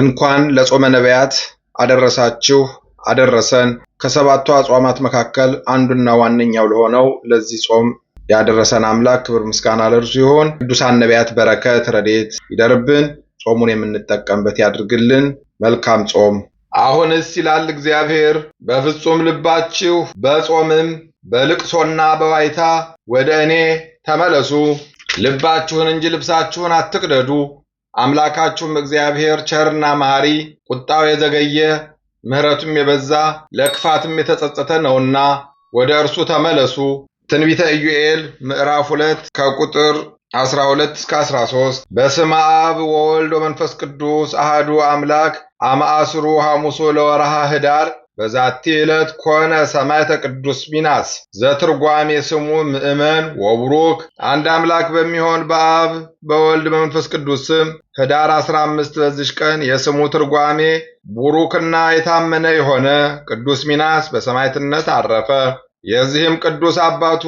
እንኳን ለጾመ ነቢያት አደረሳችሁ አደረሰን። ከሰባቱ አጽዋማት መካከል አንዱና ዋነኛው ለሆነው ለዚህ ጾም ያደረሰን አምላክ ክብር ምስጋና ለእርሱ ይሁን። ቅዱሳን ነቢያት በረከት ረድኤት ይደርብን፣ ጾሙን የምንጠቀምበት ያድርግልን። መልካም ጾም። አሁንስ ይላል እግዚአብሔር፣ በፍጹም ልባችሁ በጾምም በልቅሶና በዋይታ ወደ እኔ ተመለሱ፣ ልባችሁን እንጂ ልብሳችሁን አትቅደዱ አምላካችሁም እግዚአብሔር ቸርና መሐሪ፣ ቁጣው የዘገየ ምሕረቱም የበዛ ለክፋትም የተጸጸተ ነውና ወደ እርሱ ተመለሱ። ትንቢተ ኢዩኤል ምዕራፍ 2 ከቁጥር 12 እስከ 13። በስመ አብ ወወልድ ወመንፈስ ቅዱስ አህዱ አምላክ አማአስሩ ሐሙሶ ለወርሃ ህዳር በዛቲ ዕለት ኮነ ሰማዕተ ቅዱስ ሚናስ ዘትርጓሜ ስሙ ምእመን ወቡሩክ። አንድ አምላክ በሚሆን በአብ በወልድ በመንፈስ ቅዱስ ስም ኅዳር 15 በዚች ቀን የስሙ ትርጓሜ ቡሩክና የታመነ የሆነ ቅዱስ ሚናስ በሰማዕትነት አረፈ። የዚህም ቅዱስ አባቱ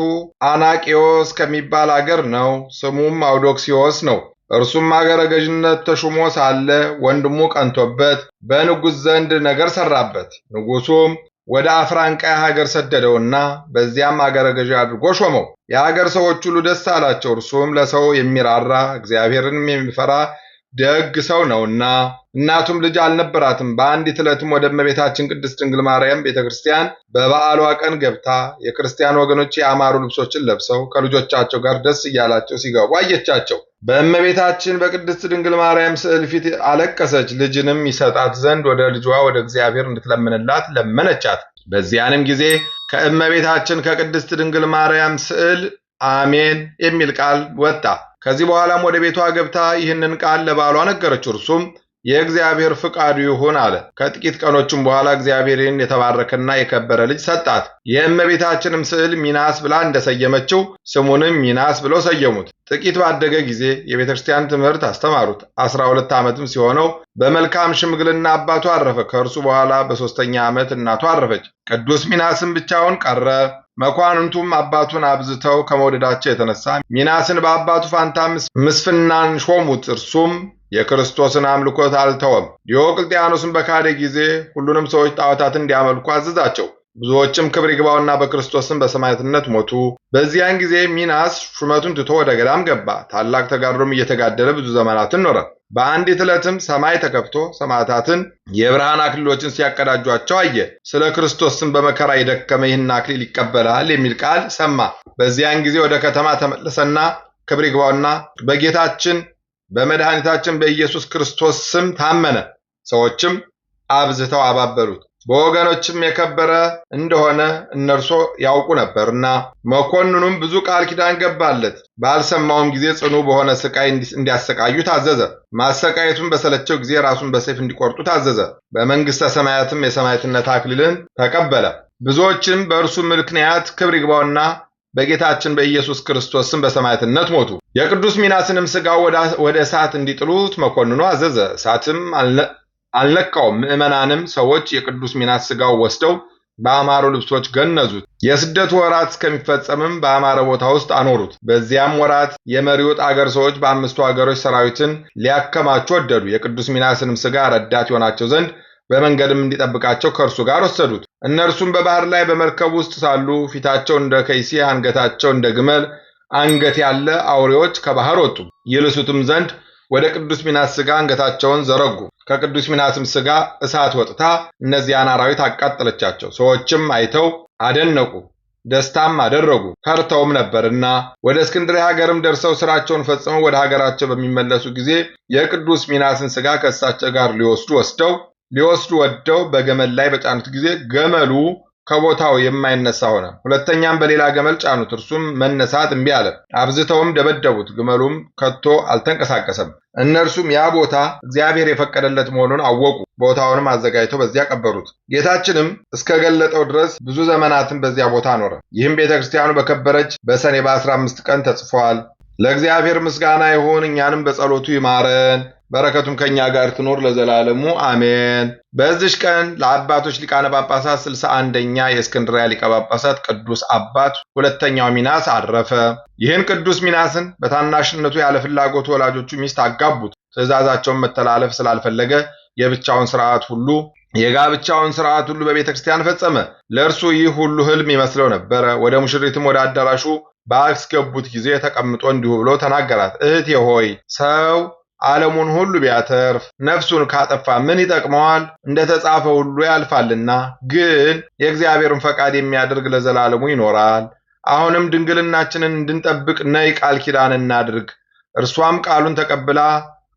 አናቂዎስ ከሚባል አገር ነው። ስሙም አውዶክሲዎስ ነው። እርሱም አገረ ገዥነት ተሹሞ ሳለ ወንድሙ ቀንቶበት በንጉሥ ዘንድ ነገር ሠራበት። ንጉሡም ወደ አፍራንቃይ ሀገር ሰደደውና በዚያም አገረ ገዥ አድርጎ ሾመው። የአገር ሰዎች ሁሉ ደስ አላቸው፣ እርሱም ለሰው የሚራራ እግዚአብሔርንም የሚፈራ ደግ ሰው ነውና። እናቱም ልጅ አልነበራትም። በአንዲት ዕለትም ወደ እመቤታችን ቅድስት ድንግል ማርያም ቤተ ክርስቲያን በበዓሏ ቀን ገብታ የክርስቲያን ወገኖች ያማሩ ልብሶችን ለብሰው ከልጆቻቸው ጋር ደስ እያላቸው ሲገቡ አየቻቸው። በእመቤታችን በቅድስት ድንግል ማርያም ስዕል ፊት አለቀሰች። ልጅንም ይሰጣት ዘንድ ወደ ልጇ ወደ እግዚአብሔር እንድትለምንላት ለመነቻት። በዚያንም ጊዜ ከእመቤታችን ከቅድስት ድንግል ማርያም ስዕል አሜን የሚል ቃል ወጣ። ከዚህ በኋላም ወደ ቤቷ ገብታ ይህንን ቃል ለባሏ ነገረችው። እርሱም የእግዚአብሔር ፍቃዱ ይሁን አለ። ከጥቂት ቀኖችም በኋላ እግዚአብሔርን የተባረከና የከበረ ልጅ ሰጣት። የእመቤታችንም ስዕል ሚናስ ብላ እንደሰየመችው ስሙንም ሚናስ ብለው ሰየሙት። ጥቂት ባደገ ጊዜ የቤተ ክርስቲያን ትምህርት አስተማሩት። አስራ ሁለት ዓመትም ሲሆነው በመልካም ሽምግልና አባቱ አረፈ። ከእርሱ በኋላ በሦስተኛ ዓመት እናቱ አረፈች። ቅዱስ ሚናስም ብቻውን ቀረ። መኳንንቱም አባቱን አብዝተው ከመውደዳቸው የተነሳ ሚናስን በአባቱ ፋንታ ምስፍናን ሾሙት። እርሱም የክርስቶስን አምልኮት አልተወም። ዲዮቅልጥያኖስን በካደ ጊዜ ሁሉንም ሰዎች ጣዖታትን እንዲያመልኩ አዘዛቸው። ብዙዎችም ክብር ይግባውና በክርስቶስም በሰማዕትነት ሞቱ። በዚያን ጊዜ ሚናስ ሹመቱን ትቶ ወደ ገዳም ገባ። ታላቅ ተጋድሎም እየተጋደለ ብዙ ዘመናትን ኖረ። በአንዲት ዕለትም ሰማይ ተከፍቶ ሰማዕታትን የብርሃን አክሊሎችን ሲያቀዳጇቸው አየ። ስለ ክርስቶስን በመከራ የደከመ ይህን አክሊል ይቀበላል የሚል ቃል ሰማ። በዚያን ጊዜ ወደ ከተማ ተመለሰና ክብር ይግባውና በጌታችን በመድኃኒታችን በኢየሱስ ክርስቶስ ስም ታመነ። ሰዎችም አብዝተው አባበሉት። በወገኖችም የከበረ እንደሆነ እነርሶ ያውቁ ነበርና፣ መኮንኑም ብዙ ቃል ኪዳን ገባለት። ባልሰማውም ጊዜ ጽኑ በሆነ ስቃይ እንዲያሰቃዩ ታዘዘ። ማሰቃየቱን በሰለቸው ጊዜ ራሱን በሰይፍ እንዲቆርጡ ታዘዘ። በመንግሥተ ሰማያትም የሰማዕትነት አክሊልን ተቀበለ። ብዙዎችም በእርሱ ምክንያት ክብር ይግባውና በጌታችን በኢየሱስ ክርስቶስም በሰማዕትነት ሞቱ። የቅዱስ ሚናስንም ሥጋ ወደ እሳት እንዲጥሉት መኮንኑ አዘዘ። እሳትም አልነካውም። ምዕመናንም ሰዎች የቅዱስ ሚናስ ሥጋው ወስደው በአማሩ ልብሶች ገነዙት። የስደቱ ወራት እስከሚፈጸምም በአማረ ቦታ ውስጥ አኖሩት። በዚያም ወራት የመሪዎጥ አገር ሰዎች በአምስቱ አገሮች ሰራዊትን ሊያከማቹ ወደዱ። የቅዱስ ሚናስንም ሥጋ ረዳት ይሆናቸው ዘንድ በመንገድም እንዲጠብቃቸው ከእርሱ ጋር ወሰዱት። እነርሱም በባህር ላይ በመርከብ ውስጥ ሳሉ ፊታቸው እንደ ከይሲ አንገታቸው እንደ ግመል አንገት ያለ አውሬዎች ከባህር ወጡ። ይልሱትም ዘንድ ወደ ቅዱስ ሚናስ ሥጋ አንገታቸውን ዘረጉ። ከቅዱስ ሚናስም ሥጋ እሳት ወጥታ እነዚያን አራዊት አቃጠለቻቸው። ሰዎችም አይተው አደነቁ፣ ደስታም አደረጉ፣ ፈርተውም ነበርና። ወደ እስክንድርያ ሀገርም ደርሰው ስራቸውን ፈጽመው ወደ ሀገራቸው በሚመለሱ ጊዜ የቅዱስ ሚናስን ሥጋ ከእሳቸው ጋር ሊወስዱ ወስደው ሊወስዱ ወደው በገመል ላይ በጫኑት ጊዜ ገመሉ ከቦታው የማይነሳ ሆነ። ሁለተኛም በሌላ ገመል ጫኑት፣ እርሱም መነሳት እምቢ አለ። አብዝተውም ደበደቡት፣ ግመሉም ከቶ አልተንቀሳቀሰም። እነርሱም ያ ቦታ እግዚአብሔር የፈቀደለት መሆኑን አወቁ። ቦታውንም አዘጋጅተው በዚያ ቀበሩት። ጌታችንም እስከገለጠው ድረስ ብዙ ዘመናትን በዚያ ቦታ ኖረ። ይህም ቤተ ክርስቲያኑ በከበረች በሰኔ በ15 ቀን ተጽፏል ለእግዚአብሔር ምስጋና ይሁን፣ እኛንም በጸሎቱ ይማረን፣ በረከቱም ከእኛ ጋር ትኖር ለዘላለሙ አሜን። በዚች ቀን ለአባቶች ሊቃነ ጳጳሳት ስልሳ አንደኛ የእስክንድሪያ ሊቀ ጳጳሳት ቅዱስ አባት ሁለተኛው ሚናስ አረፈ። ይህን ቅዱስ ሚናስን በታናሽነቱ ያለ ፍላጎቱ ወላጆቹ ሚስት አጋቡት። ትእዛዛቸውን መተላለፍ ስላልፈለገ የብቻውን ስርዓት ሁሉ የጋብቻውን ስርዓት ሁሉ በቤተ ክርስቲያን ፈጸመ። ለእርሱ ይህ ሁሉ ህልም ይመስለው ነበረ። ወደ ሙሽሪትም ወደ አዳራሹ ባስገቡት ጊዜ ተቀምጦ እንዲሁ ብሎ ተናገራት። እህቴ ሆይ ሰው ዓለሙን ሁሉ ቢያተርፍ ነፍሱን ካጠፋ ምን ይጠቅመዋል? እንደተጻፈ ሁሉ ያልፋልና፣ ግን የእግዚአብሔርን ፈቃድ የሚያደርግ ለዘላለሙ ይኖራል። አሁንም ድንግልናችንን እንድንጠብቅ ነይ ቃል ኪዳን እናድርግ። እርሷም ቃሉን ተቀብላ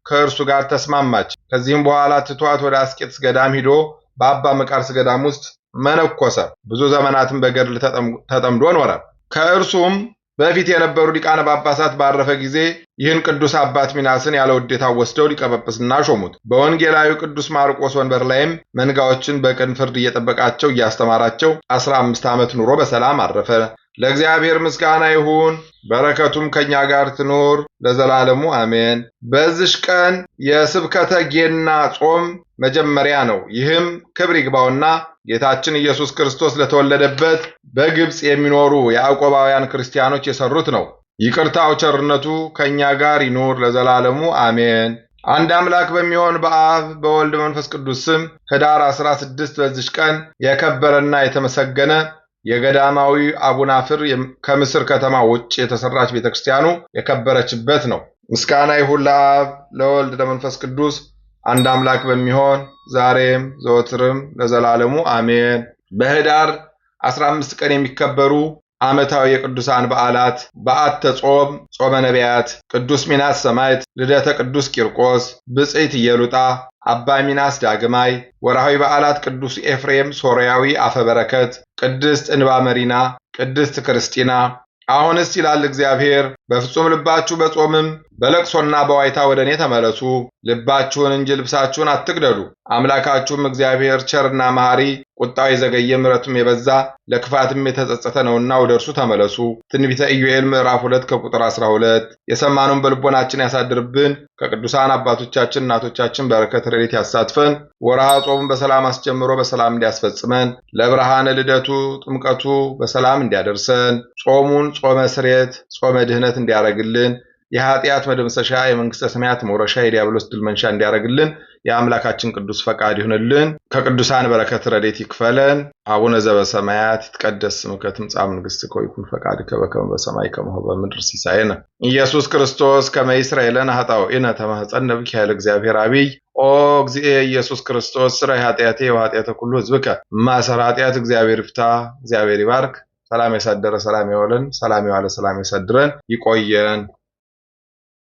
ከእርሱ ጋር ተስማማች። ከዚህም በኋላ ትቷት ወደ አስቄጥስ ገዳም ሂዶ በአባ መቃርስ ገዳም ውስጥ መነኮሰ። ብዙ ዘመናትም በገድል ተጠምዶ ኖረ። ከእርሱም በፊት የነበሩ ሊቃነ ጳጳሳት ባረፈ ጊዜ ይህን ቅዱስ አባት ሚናስን ያለ ውዴታው ወስደው ሊቀ ጵጵስና ሾሙት። በወንጌላዊ ቅዱስ ማርቆስ ወንበር ላይም መንጋዎችን በቅን ፍርድ እየጠበቃቸው እያስተማራቸው አስራ አምስት ዓመት ኑሮ በሰላም አረፈ። ለእግዚአብሔር ምስጋና ይሁን፣ በረከቱም ከእኛ ጋር ትኑር ለዘላለሙ አሜን። በዚሽ ቀን የስብከተ ጌና ጾም መጀመሪያ ነው። ይህም ክብር ይግባውና ጌታችን ኢየሱስ ክርስቶስ ለተወለደበት በግብፅ የሚኖሩ የአቆባውያን ክርስቲያኖች የሰሩት ነው። ይቅርታው ቸርነቱ ከእኛ ጋር ይኑር ለዘላለሙ አሜን። አንድ አምላክ በሚሆን በአብ በወልድ መንፈስ ቅዱስ ስም ህዳር 16 በዚች ቀን የከበረና የተመሰገነ የገዳማዊ አቡናፍር ከምስር ከተማ ውጭ የተሰራች ቤተክርስቲያኑ የከበረችበት ነው። ምስጋና ይሁን ለአብ ለወልድ ለመንፈስ ቅዱስ አንድ አምላክ በሚሆን ዛሬም ዘወትርም ለዘላለሙ አሜን። በህዳር 15 ቀን የሚከበሩ ዓመታዊ የቅዱሳን በዓላት በዓተ ጾም ጾመ ነቢያት፣ ቅዱስ ሚናስ ሰማዕት፣ ልደተ ቅዱስ ቂርቆስ፣ ብፅዕት ኢየሉጣ፣ አባ ሚናስ ዳግማይ። ወርሃዊ በዓላት ቅዱስ ኤፍሬም ሶርያዊ አፈበረከት፣ ቅድስት እንባ መሪና፣ ቅድስት ክርስቲና። አሁንስ ይላል እግዚአብሔር በፍጹም ልባችሁ በጾምም በለቅሶና በዋይታ ወደ እኔ ተመለሱ፣ ልባችሁን እንጂ ልብሳችሁን አትግደሉ። አምላካችሁም እግዚአብሔር ቸርና መሐሪ፣ ቁጣው የዘገየ ምሕረቱም የበዛ ለክፋትም የተጸጸተ ነውና ወደ እርሱ ተመለሱ። ትንቢተ ኢዮኤል ምዕራፍ 2 ከቁጥር 12። የሰማነውን በልቦናችን ያሳድርብን። ከቅዱሳን አባቶቻችን እናቶቻችን በረከት ረድኤት ያሳትፈን። ወርሃ ጾሙን በሰላም አስጀምሮ በሰላም እንዲያስፈጽመን ለብርሃነ ልደቱ ጥምቀቱ በሰላም እንዲያደርሰን ጾሙን ጾመ ስሬት ጾመ ድህነት እንዲያደርግልን የኃጢአት መደምሰሻ የመንግስተ ሰማያት መውረሻ የዲያብሎስ ድል መንሻ እንዲያደርግልን የአምላካችን ቅዱስ ፈቃድ ይሁንልን። ከቅዱሳን በረከት ረዴት ይክፈለን። አቡነ ዘበሰማያት ይትቀደስ ስምከ ትምጻእ መንግሥትከ ወይኩን ፈቃድከ በከመ በሰማይ ከማሁ በምድር ሲሳየነ ኢየሱስ ክርስቶስ ከመ ይስረይ ለነ ኃጣውኢነ ተማኅፀነ ብከ ኃይለ እግዚአብሔር አብይ ኦ እግዚእ ኢየሱስ ክርስቶስ ስራይ ኃጢአቴ ወኃጢአተ ኩሉ ሕዝብከ ማሰረ ኃጢአት እግዚአብሔር ይፍታ። እግዚአብሔር ይባርክ። ሰላም ያሳደረ ሰላም ያወለን፣ ሰላም የዋለ ሰላም ያሳድረን። ይቆየን።